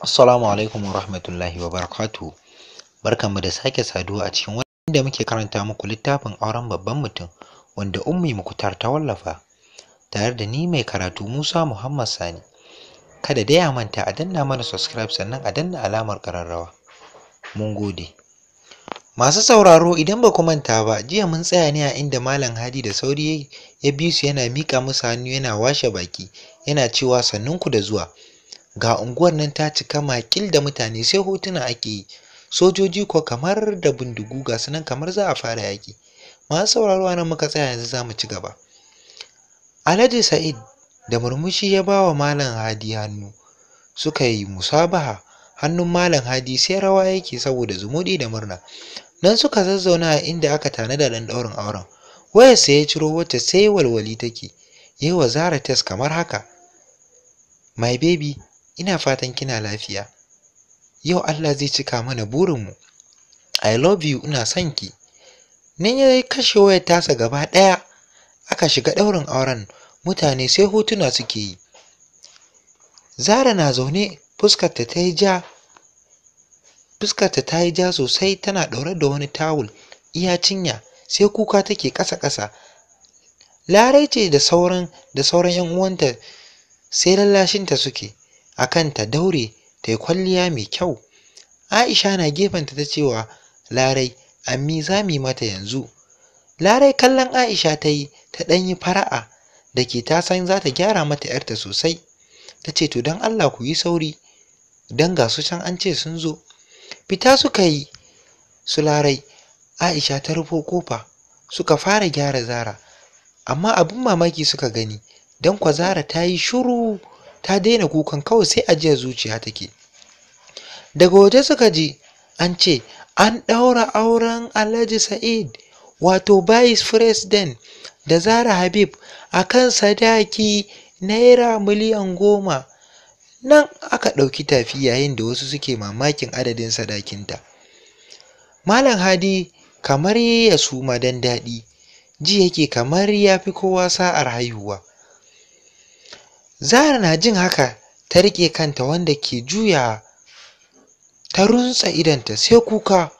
Assalamu alaikum wa rahmatullahi wa Barkanmu da sake saduwa a cikin wanda muke karanta muku littafin auren babban mutum wanda ummi mukutar ta wallafa tare da ni mai karatu Musa Muhammad Sani. Kada da ya manta a danna mana subscribe sannan a danna alamar kararrawa. Mun gode. Masu sauraro idan ba ku manta ba jiya mun tsaya ne a inda Malam Hadi da sauri ya bi su yana mika musu hannu yana washe baki yana cewa sannunku da zuwa. ga unguwar nan ta cika makil da mutane sai hotuna ake yi sojoji ko kamar da bindigu ga su kamar za a fara yaƙi masu sauraro nan muka tsaya yanzu za mu ci gaba alhaji sa'id da murmushi ya ba wa malam hadi hannu suka yi musabaha hannun malam hadi sai rawa yake saboda zumuɗi da murna nan suka zazzauna a inda aka tanada ɗan ɗaurin auren wayarsa ya ciro wacce sai walwali take yi wa zara test kamar haka my baby Ina fatan kina lafiya. Yau Allah zai cika mana burinmu. I love you ina son ki. Nan ya kashe wayar tasa gaba ɗaya aka shiga ɗaurin auren mutane sai hotuna suke yi. Zara na zaune fuskarta ta yi ja fuskarta ta yi ja sosai tana ɗaure da wani tawul iya cinya sai kuka take ƙasa-ƙasa. Larai ce da sauran da sauran 'yan uwanta sai lallashinta suke. akan ta daure ta yi kwalliya mai kyau Aisha na gefenta ta cewa Larai ammi za mu yi mata yanzu Larai kallon Aisha ta yi ta ɗan yi fara'a da ke ta san za ta gyara mata ‘yarta sosai ta ce to don Allah ku yi sauri don ga su can an ce sun zo fita suka yi su Larai Aisha ta rufo ƙofa suka fara gyara Zara amma abin mamaki suka gani don kwa Zara ta yi shuru ta daina kukan kawai sai ajiyar zuciya take daga waje suka ji an ce an ɗaura auren alhaji sa'id wato vice president da zara habib a kan sadaki naira miliyan goma nan aka ɗauki tafi yayin da wasu suke mamakin adadin sadakinta malam hadi kamar ya suma don daɗi ji yake kamar ya fi kowa sa'ar haihuwa zara na jin haka ta riƙe kanta wanda ke juya ta runtsa idanta sai kuka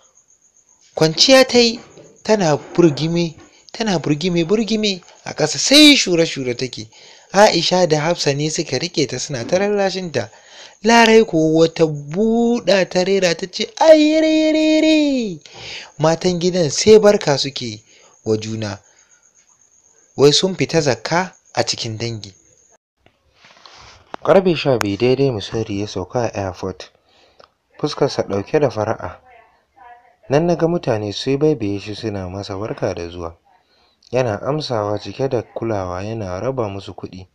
kwanciya ta yi tana burgime tana burgime burgime a ƙasa sai shure shure take aisha da hafsa ne suka riƙe ta suna ta rarrashinta larai ko wata buɗa ta rera ta ce ayyirere matan gidan sai barka suke wa juna wai sun fita zakka a cikin dangi Ƙarfe sha biyu daidai Missouri ya sauka a airport, fuskarsa ɗauke da fara'a. Nan naga mutane sun baibaye shi suna masa barka da zuwa, yana amsawa cike da kulawa yana raba musu kuɗi.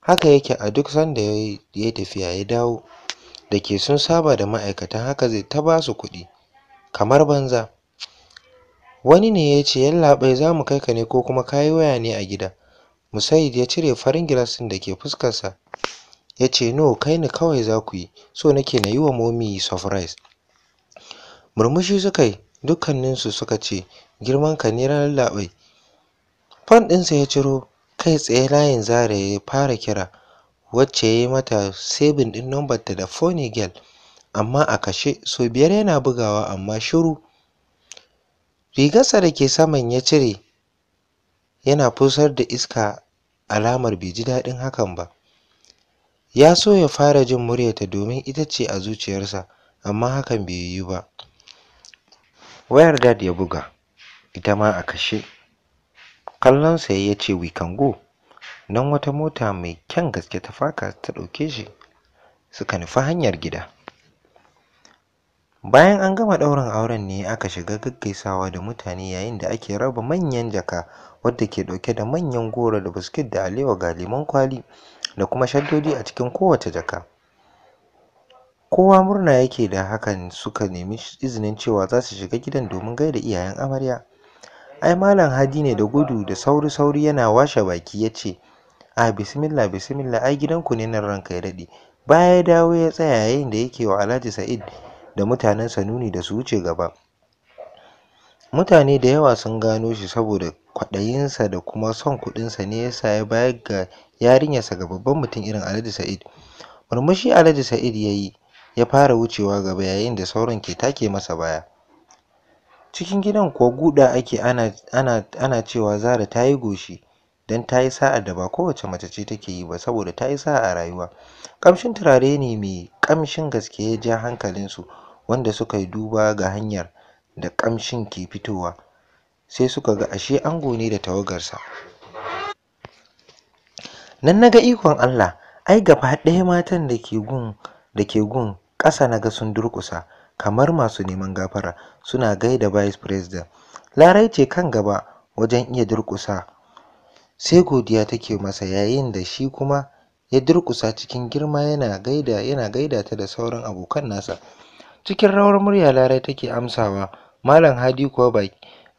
Haka yake a duk sanda ya yi tafiya ya dawo, da ke sun saba da ma'aikatan haka zai ta ba su kuɗi, kamar banza. Wani ne ya ce, Yallaɓai za mu kai ka ne ko kuma ka yi waya ne a gida? Musayid ya cire farin gilasin da ke fuskarsa ya ce, No, kai ni kawai za ku yi, so nake na yi wa momi surprise. Murmushi suka yi, dukkaninsu suka ce, Girmanka ne ranar Fan ɗinsa ya ciro, kai tsaye layin Zara ya fara kira, wacce ya yi mata sebin ɗin nambarta da Funny Girl, amma a kashe, so biyar yana bugawa amma shiru. Rigarsa da ke saman ya cire, yana fusar da iska alamar bai ji daɗin hakan ba ya so ya fara jin muryarta domin ita ce a zuciyarsa amma hakan bai yiwu ba wayar dad ya buga ita ma a kashe kallonsa ya ce we can go nan wata mota mai kyan gaske ta faka ta ɗauke shi suka nufi hanyar gida bayan an gama ɗaurin auren ne aka shiga gaggaisawa da mutane yayin da ake raba manyan jaka wadda ke dauke da manyan goro da biskit da alewa ga lemon kwali da kuma shaddodi a cikin kowace jaka kowa murna yake da hakan suka nemi izinin cewa za su shiga gidan domin gaida iyayen amarya ai malam hadi ne da gudu da sauri sauri yana washe baki ya ce a bismillah bismillah ai gidan ku ne nan ranka ya daɗe baya ya dawo ya tsaya yayin da yake wa alhaji sa'id da sa nuni da su wuce gaba Mutane da yawa sun gano shi saboda kwaɗayinsa da kuma son kuɗinsa ne ya sa ya bayar ga yarinyarsa ga babban mutum irin Alhaji Said. Murmushi Alhaji Said ya yi, ya fara wucewa gaba yayin da sauran ke take masa baya. Cikin gidan kuwa guɗa ake ana cewa Zara ta yi goshi, don ta yi sa'ar da ba kowace mace ce take yi ba saboda ta yi sa'a a rayuwa. Ƙamshin turare ne mai ƙamshin gaske ya ja hankalinsu, wanda suka yi duba ga hanyar da ƙamshin ke fitowa sai suka ga ashe ango ne da tawagarsa nan na ga ikon Allah ai gaba ɗaya matan da ke gun da ke gun ƙasa na ga sun durƙusa kamar masu neman gafara suna gaida vice president larai ce kan gaba wajen iya durƙusa sai godiya take masa yayin da shi kuma ya durƙusa cikin girma yana gaida yana gaida ta da sauran abokan nasa cikin rawar murya larai take amsawa Malam Hadi kuwa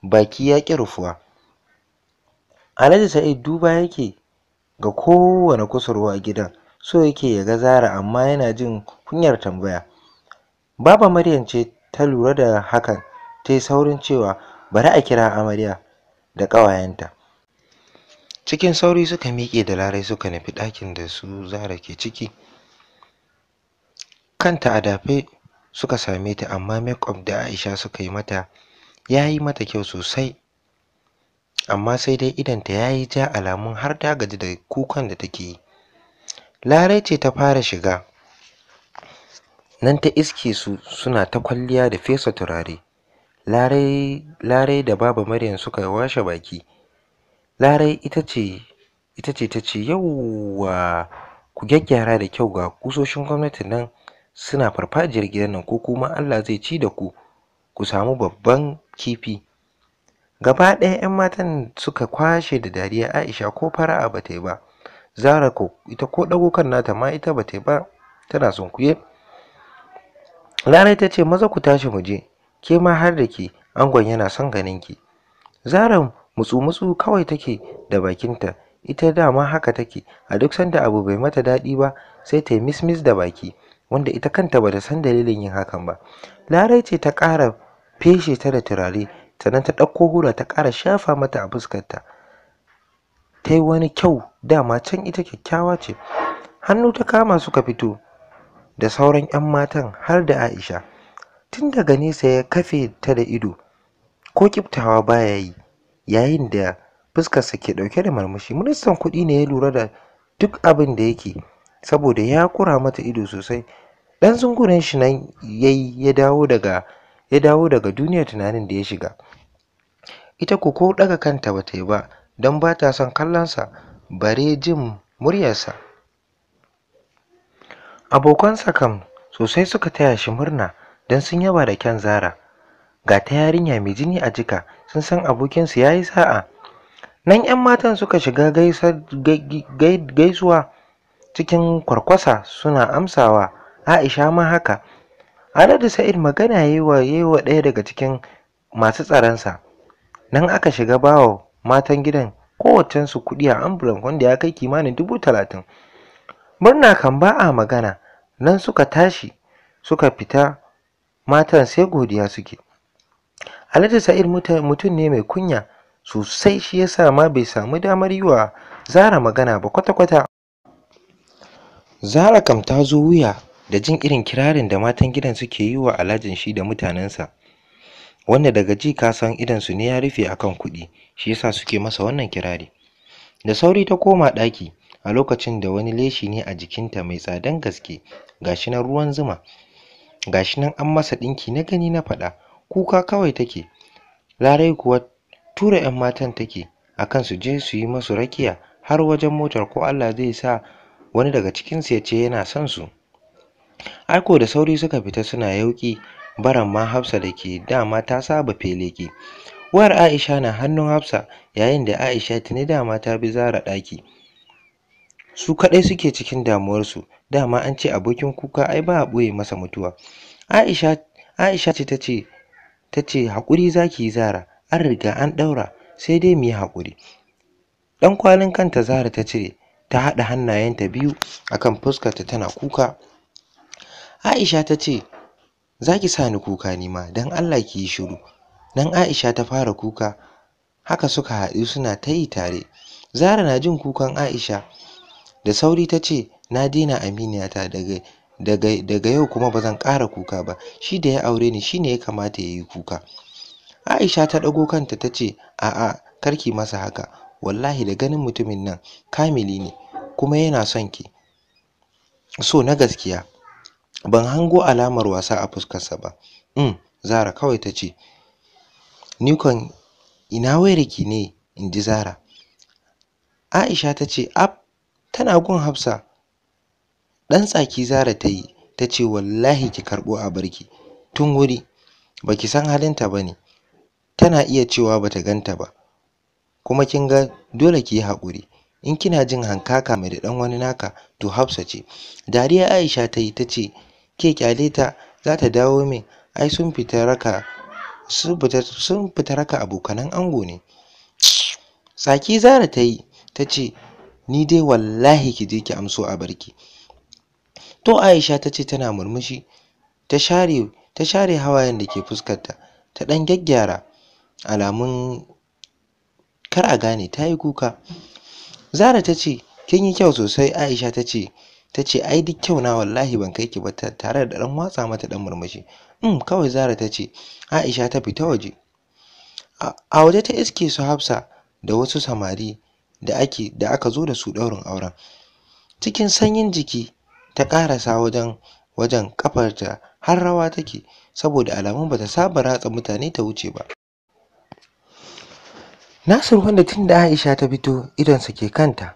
baki ya ƙi rufuwa. Alhaji Sa'id duba yake ga kowane kusurwa a gidan, so yake ya ga Zara amma yana jin kunyar tambaya. Baba Maryam ce ta lura da hakan ta yi saurin cewa bari a kira amarya da ƙawayenta. Cikin sauri suka miƙe da larai suka nufi ɗakin da su Zara ke ciki. Kanta a dafe suka same ta amma make da Aisha suka yi mata ya yi mata kyau sosai amma sai dai idanta ya yi ja alamun har ta gaji da kukan da take yi larai ce ta fara shiga nan ta iske su suna ta kwalliya da fesa turare larai da baba maryam suka washe baki larai ita ce ita ce ta ce yauwa ku gyaggyara da kyau ga kusoshin gwamnati nan suna farfajiyar gidan nan ko kuma Allah zai ci da ku ku samu babban kifi gaba ɗaya 'yan matan suka kwashe da dariya Aisha ko fara'a ba ta yi ba Zara ko ita ko ɗago kan nata ma ita ba ta yi ba tana sunkuye Larai ta ce maza ku tashi mu je ke ma har da ke angon yana son ganin ki Zara mutsu-mutsu kawai take da bakinta ita dama haka take a duk sanda abu bai mata daɗi ba sai ta yi mismis da baki wanda ita kanta bata san dalilin yin hakan ba larai ce ta ƙara feshe ta da turare sannan ta ɗauko hula ta ƙara shafa mata a fuskarta ta yi wani kyau dama can ita kyakkyawa ce hannu ta kama suka fito da sauran 'yan matan har da aisha tun daga nesa ya kafe ta da ido ko kiftawa baya yi yayin da fuskarsa ke ɗauke da murmushi, ministan kuɗi ne ya lura da duk abin da yake saboda ya kura mata ido sosai ɗan zungurin shi nan yayi ya dawo daga ya dawo daga duniyar tunanin da ya shiga ita ko ko ɗaga kanta bata yi ba don bata son kallonsa bare jin muryarsa abokansa kam sosai suka taya shi murna don sun yaba da kyan zara ga ta yarinya mai jini a jika sun san abokinsu ya yi sa'a nan 'yan matan suka shiga gaisuwa cikin kwarkwasa suna amsawa Aisha ma haka Haladu Sa'id magana yi wa wa ɗaya daga cikin masu tsaransa, nan aka shiga bawo matan gidan su kuɗi a ambulan wanda ya kai kimanin dubu talatin murna kan ba a magana nan suka tashi suka fita matan sai godiya suke alhaji sa'id mutum ne mai kunya sosai shi yasa ma bai samu damar yi wa zara magana ba kwata-kwata Zara kam ta zo wuya da jin irin kirarin da matan gidan suke yi wa Alhajin shi da mutanensa. Wanda daga ji ka san su ne ya rufe akan kuɗi, shi yasa suke masa wannan kirari. Da sauri ta koma ɗaki a lokacin da wani leshi ne a jikinta mai tsadan gaske, gashi nan ruwan zuma. Gashi nan an masa ɗinki na gani na faɗa, kuka kawai take. Larai kuwa tura 'yan matan take akan su je su yi masu rakiya har wajen motar ko Allah zai sa wani daga cikinsu ya ce yana son su Arko da sauri suka fita suna yauki baran ma Hafsa da ke dama ta saba feleke. Wayar Aisha na hannun Hafsa yayin da Aisha tuni dama ta bi Zara ɗaki. Su kaɗai suke cikin damuwarsu, dama an ce abokin kuka ai ba a ɓoye masa mutuwa. Aisha Aisha ce ta ce ta haƙuri za ki yi Zara, an riga an ɗaura sai dai mu yi haƙuri. Ɗan kwalin kanta Zara ta cire ta haɗa hannayenta biyu akan fuskarta tana kuka Aisha ta ce za ki sa ni kuka ni ma, don Allah ki yi shiru Don Aisha ta fara kuka haka suka haɗu suna ta yi tare Zara na jin kukan Aisha da sauri ta ce na daina aminiyata daga yau kuma ba zan ƙara kuka ba shi da ya aure ni shi ne ya kamata ya yi kuka Aisha ta ɗago kanta ta ce a'a karki masa haka wallahi da ganin mutumin nan kamili ne kuma yana son ki so na gaskiya ban hango alamar wasa a fuskarsa ba um zara kawai ta ce ni ina wayarki ne in ji zara aisha ta ce ab tana gun hafsa ɗan tsaki zara ta yi ta ce wallahi ki karɓo a barki tun wuri baki san halinta ba ne tana iya cewa bata ganta ba kuma kin ga dole ki yi haƙuri in kina jin hankaka mai da ɗan wani naka to Hafsa ce dariya Aisha ta yi ta ce ke kyale ta za ta dawo min ai sun fita raka sun fita raka abokanan ango ne tsaki Zara ta yi ta ce ni dai wallahi ki je ki amso a barki to Aisha ta ce tana murmushi ta share ta share hawayen da ke fuskarta ta ɗan gyaggyara alamun kar a gane ta yi kuka zara ta ce kin yi kyau sosai aisha ta ce ta ce ai duk kyau na wallahi ban kai ki ba tare da ɗan watsa mata ɗan murmushi um kawai zara ta ce aisha ta fita waje a waje ta iske su hafsa da wasu samari da ake da aka zo da su ɗaurin auren cikin sanyin jiki ta ƙarasa wajen wajen kafarta har rawa take saboda alamun ba ta saba ratsa mutane ta wuce ba Nasir wanda tun da Aisha ta fito idonsa ke kanta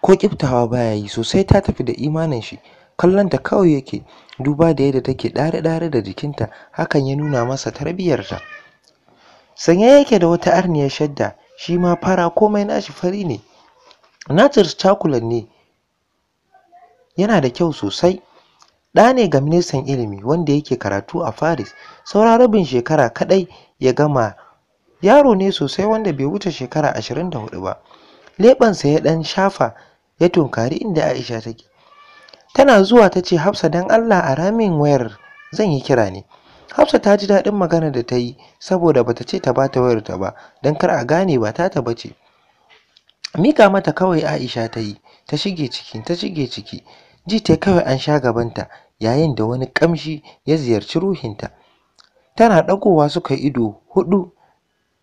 ko kiftawa baya yi sosai ta tafi da imanin shi kallon ta kawai yake duba da yadda take ɗare ɗare da jikinta hakan ya nuna masa tarbiyarta sanye yake da wata arniyar shadda shi ma fara komai nashi fari ne Nasir cakulan ne yana da kyau sosai ɗa ne ga ministan ilimi wanda yake karatu a Paris sauran rabin shekara kaɗai ya gama yaro ne sosai wanda bai wuce shekara ashirin da hudu ba leɓensa ya ɗan shafa ya tunkari inda aisha take tana zuwa ta ce hafsa dan allah a ramin wayar zan yi kira ne hafsa ta ji daɗin maganar da ta yi saboda bata ce ta bata wayar ta ba don kar a gane ba ta ba ce mika mata kawai aisha ta yi ta shige ciki ta shige ciki ji ta kawai an sha gabanta yayin da wani ƙamshi ya ziyarci ruhinta tana ɗagowa suka ido hudu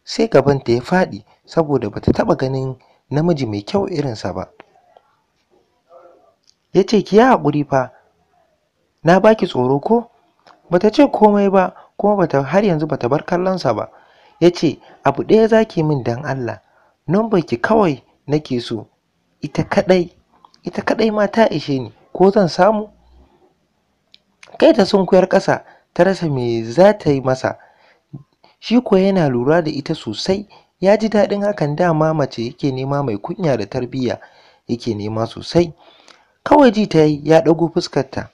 sai gabanta ya faɗi saboda bata taɓa ganin namiji mai kyau irinsa ba. Ya ce ki yi haƙuri fa, na baki tsoro ko? Bata ce komai ba kuma bata har yanzu bata bar kallonsa ba. Ya ce abu ɗaya za ki min don Allah, numbar ki kawai nake so, ita kaɗai, ita kaɗai ma ta ishe ni, ko zan samu? Kai ta sunkuyar ƙasa ta rasa me za ta yi masa. shi kuwa yana lura da ita sosai ya ji daɗin hakan dama mace yake nema mai kunya da tarbiyya yake nema sosai kawai ji ta yi ya ɗago fuskarta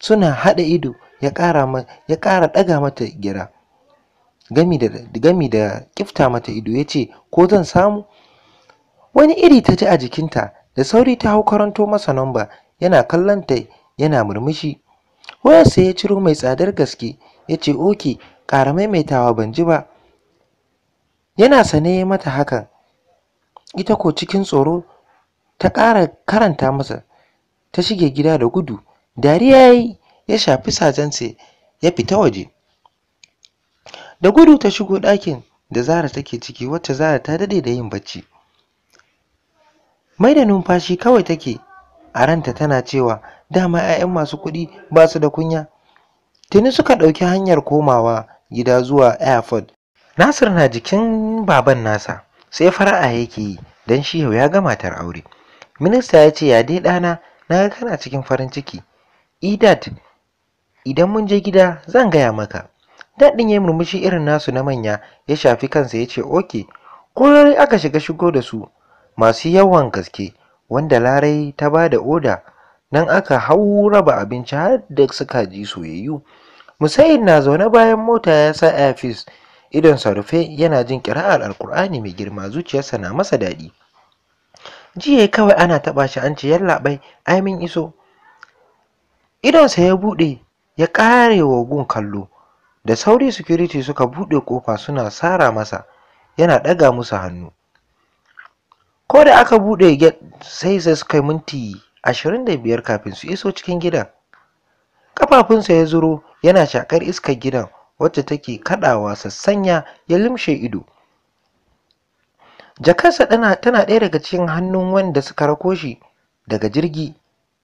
suna haɗa ido ya ƙara ɗaga mata gira gami da gami da kifta mata ido ya ce ko zan samu wani iri ta ji a jikinta da sauri ta hau karanto masa namba yana kallon yana murmushi wayarsa ya ciro mai tsadar gaske ya ce oke ƙara maimaitawa ban ji ba yana sane ya mata hakan ita ko cikin tsoro ta ƙara karanta masa ta shige gida da gudu dariya ya yi ya shafi sajansa ya fita waje da gudu ta shigo ɗakin da zara take ciki wacce zara ta daɗe da yin bacci mai da numfashi kawai take a ranta tana cewa dama 'ya'yan masu kuɗi ba su da kunya tuni suka ɗauki hanyar komawa gida zuwa airport nasir na jikin baban nasa sai fara'a yake yi don shi yau ya ga matar aure minista ya ce ya dai ɗana na ga kana cikin farin ciki idad idan mun je gida zan gaya maka daɗin ya murmushi irin nasu na manya ya shafi kansa ya ce oke kurori aka shiga shigo da su masu yawan gaske wanda larai ta ba da oda nan aka hau raba abinci har da suka ji soyayyu Musayin na zaune bayan mota ya sa Afis idonsa rufe yana jin kira'ar alkur'ani mai girma zuciyarsa na masa daɗi. Jiya kawai ana taɓa shi an ce yallaɓai ai min iso. Idonsa ya buɗe ya ƙare wa gun kallo da sauri security suka buɗe ƙofa suna sara masa yana ɗaga musu hannu. Ko da aka buɗe get sai sai suka yi minti ashirin da biyar kafin su iso cikin gidan. Ƙafafunsa ya zuro yana shakar iskar gidan wacce take kaɗawa sassanya ya limshe ido jakarsa tana tana ɗaya daga cikin hannun wanda suka rako shi daga jirgi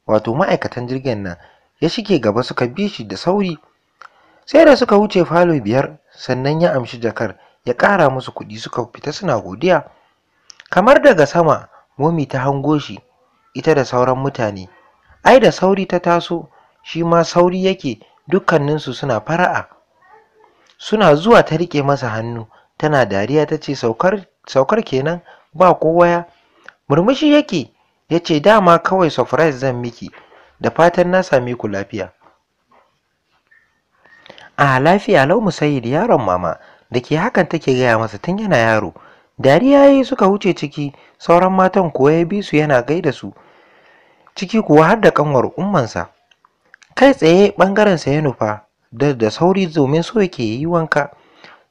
wato ma'aikatan jirgin nan ya shige gaba suka bi shi da sauri sai da suka wuce falo biyar sannan ya amshi jakar ya ƙara musu kuɗi suka fita suna godiya kamar daga sama momi ta hango shi ita da sauran mutane ai da sauri ta taso shi ma sauri yake dukkaninsu suna fara'a suna zuwa ta riƙe masa hannu tana dariya ta ce saukar kenan ba kowaya murmushi yake ya ce dama kawai surprise zan miki da fatan na same ku lafiya a lafiya lau musayid yaron mama da ke hakan take gaya masa tun yana yaro dariya yi suka wuce ciki sauran matan kuwa ya bi su yana gaida su ciki kuwa har da kanwar ummansa kai tsaye ɓangarensa ya nufa da sauri domin so yake yi wanka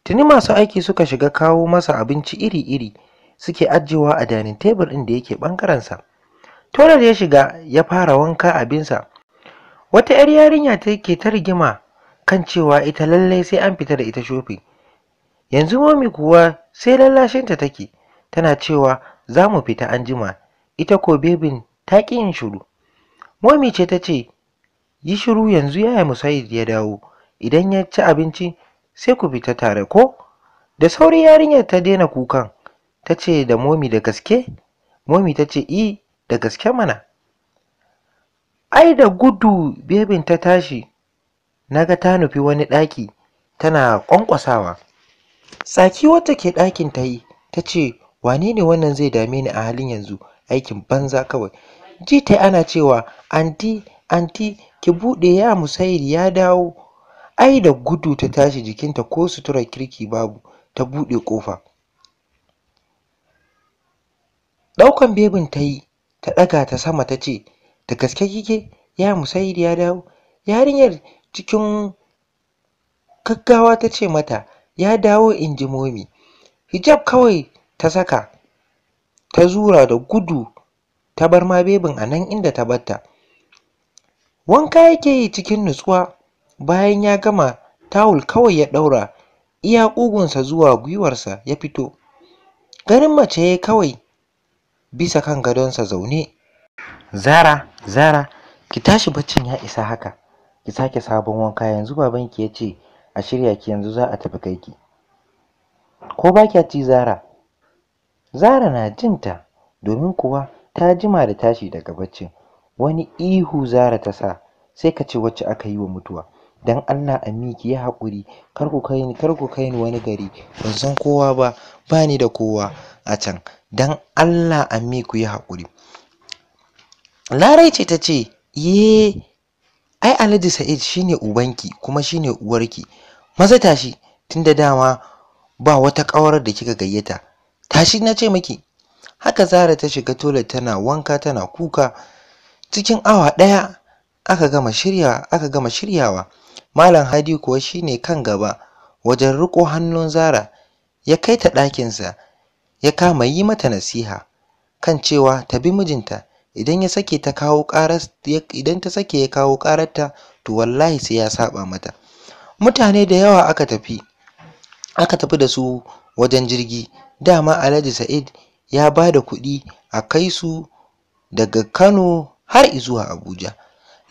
tuni masu aiki suka shiga kawo masa abinci iri-iri suke ajiyewa a danin tebur ɗin da yake ɓangarensa da ya shiga ya fara wanka abinsa wata 'yar yarinya ta ke ta rigima kan cewa ita lallai sai an fita da ita shofi yanzu momi kuwa sai lallashinta take tana cewa za mu fita an jima ita ko bebin ta ƙi yin shiru momi ce ta ce yi shiru yanzu yaya musayid ya dawo idan ya ci abinci sai ku fita tare ko da sauri yarinyar ta daina kukan ta ce da momi da gaske momi ta ce i eh, da gaske mana ai da gudu bebin ta tashi na ga ta nufi wani ɗaki tana ƙwanƙwasawa tsaki wata ke ɗakin ta yi ta ce wane ne wannan zai dame ni a halin yanzu aikin banza kawai ji ta ana cewa anti anti ki buɗe ya musayir ya dawo ai da gudu ta tashi jikinta ko sutura kirki babu ta buɗe ƙofa ɗaukan bebin ta yi ta ɗaga ta sama ta ce da gaske kike ya musayir ya dawo yarinyar cikin gaggawa ta ce mata ya dawo in ji momi hijab kawai ta saka ta zura da gudu ta bar ma bebin a nan inda ta batta wanka yake yi cikin nutsuwa bayan ya gama tawul kawai ya ɗaura iya ƙugunsa zuwa gwiwarsa ya fito Garin mace ya kawai bisa kan gadonsa zaune zara zara ki tashi baccin ya isa haka ki sake sabon wanka yanzu babanki ya ce a shirya ki yanzu za a tafi kai ki ko ba kya ci zara zara na jinta domin kuwa ta jima da tashi daga baccin wani ihu Zara ta sa sai ka ce wacce aka yi wa mutuwa dan Allah amiki ya ya haƙuri kar ku kai ni kar kai ni wani gari ban san kowa ba ni da kowa a can dan Allah a ku ya haƙuri Larai ce ta ce ye ai Alhaji Sa'id shine ubanki kuma shine uwarki maza tashi da dama ba wata ƙawar da kika gayyata tashi na ce miki haka Zara ta shiga toilet tana wanka tana kuka cikin awa ɗaya aka gama shirya aka gama shiryawa malam hadi kuwa shine kan gaba wajen riko hannun zara ya kai ta ɗakinsa ya kama yi mata nasiha kan cewa ta bi mijinta idan ya sake ta kawo karar idan ta sake ya kawo ƙararta to wallahi sai ya saba mata mutane da yawa aka tafi aka tafi da su wajen jirgi dama Alhaji Sa'id ya ba da kuɗi a kai su daga Kano har izuwa Abuja.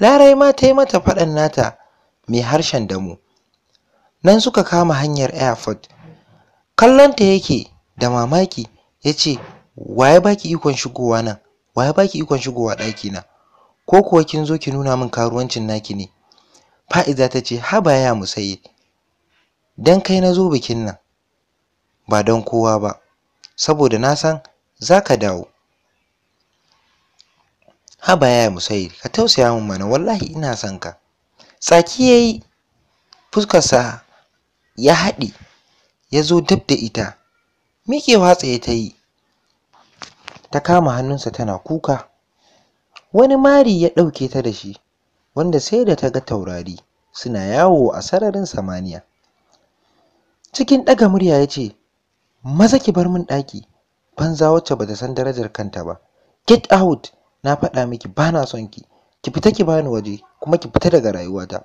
Larai ma ta yi mata faɗan nata mai harshen damu. Nan suka kama hanyar Kallon Kallonta yake da mamaki ya ce, Wa ya baki ikon shigowa nan? Wa ya baki ikon shigowa ɗakina? Ko kuwa kin zo ki nuna min karuwancin naki ne? Fa'iza ta ce, Haba ya musaye, don kai na zo bikin nan, ba don kowa ba, saboda na san za ka dawo. haba yaya musayid ka tausaya min mana wallahi ina son ka tsaki yayi fuskar sa ya haɗe ya zo dab da ita miƙewa tsaye ta yi ta kama hannunsa tana kuka wani mari ya ɗauke ta da shi wanda sai da ta ga taurari suna yawo a sararin samaniya cikin ɗaga murya ya ce maza ki bar min ɗaki banza wacce bata san darajar kanta ba get out na faɗa miki bana son ki ki fita ki bani waje kuma ki fita daga rayuwata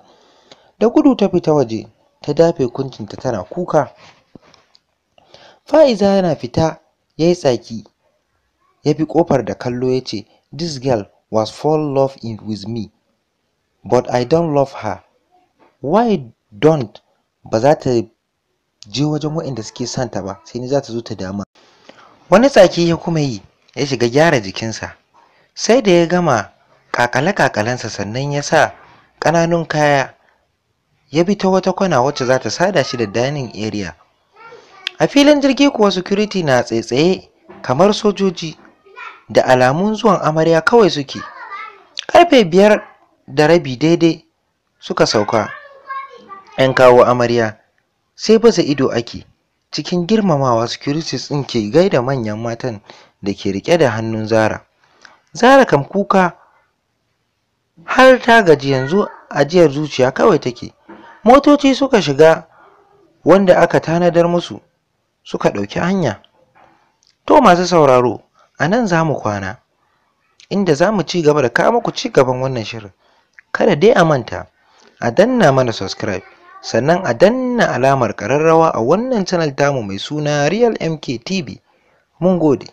da gudu ta fita waje ta dafe kuncinta tana kuka fa'iza yana fita ya yi tsaki ya bi kofar da kallo ya ce this girl was fall love in with me but i don't love her why don't ba za ta je wajen waɗanda suke santa ba sai ni za ta zo ta dama wani tsaki ya kuma yi ya shiga gyara jikinsa sai da ya gama kakale-kakalensa sannan ya sa ƙananun kaya ya bi ta wata kwana wacce za ta sada shi da dining area a filin jirgi kuwa security na tsaitsaye kamar sojoji da alamun zuwan amarya kawai suke karfe biyar da rabi daidai suka sauka 'yan kawo amarya sai baza ido ake cikin girmamawa security ɗin ke gaida manyan matan da ke riƙe da hannun zara Zara kam kuka har ta gaji yanzu ajiyar zuciya kawai take. Motoci suka shiga wanda aka tanadar musu suka ɗauki hanya. To masu sauraro, a nan za mu kwana, inda za mu ci gaba da kawo muku ci gaban wannan shirin. Kada dai a manta, a danna mana subscribe, sannan a danna alamar ƙararrawa a wannan channel tamu mai suna Real MK TV. Mun gode.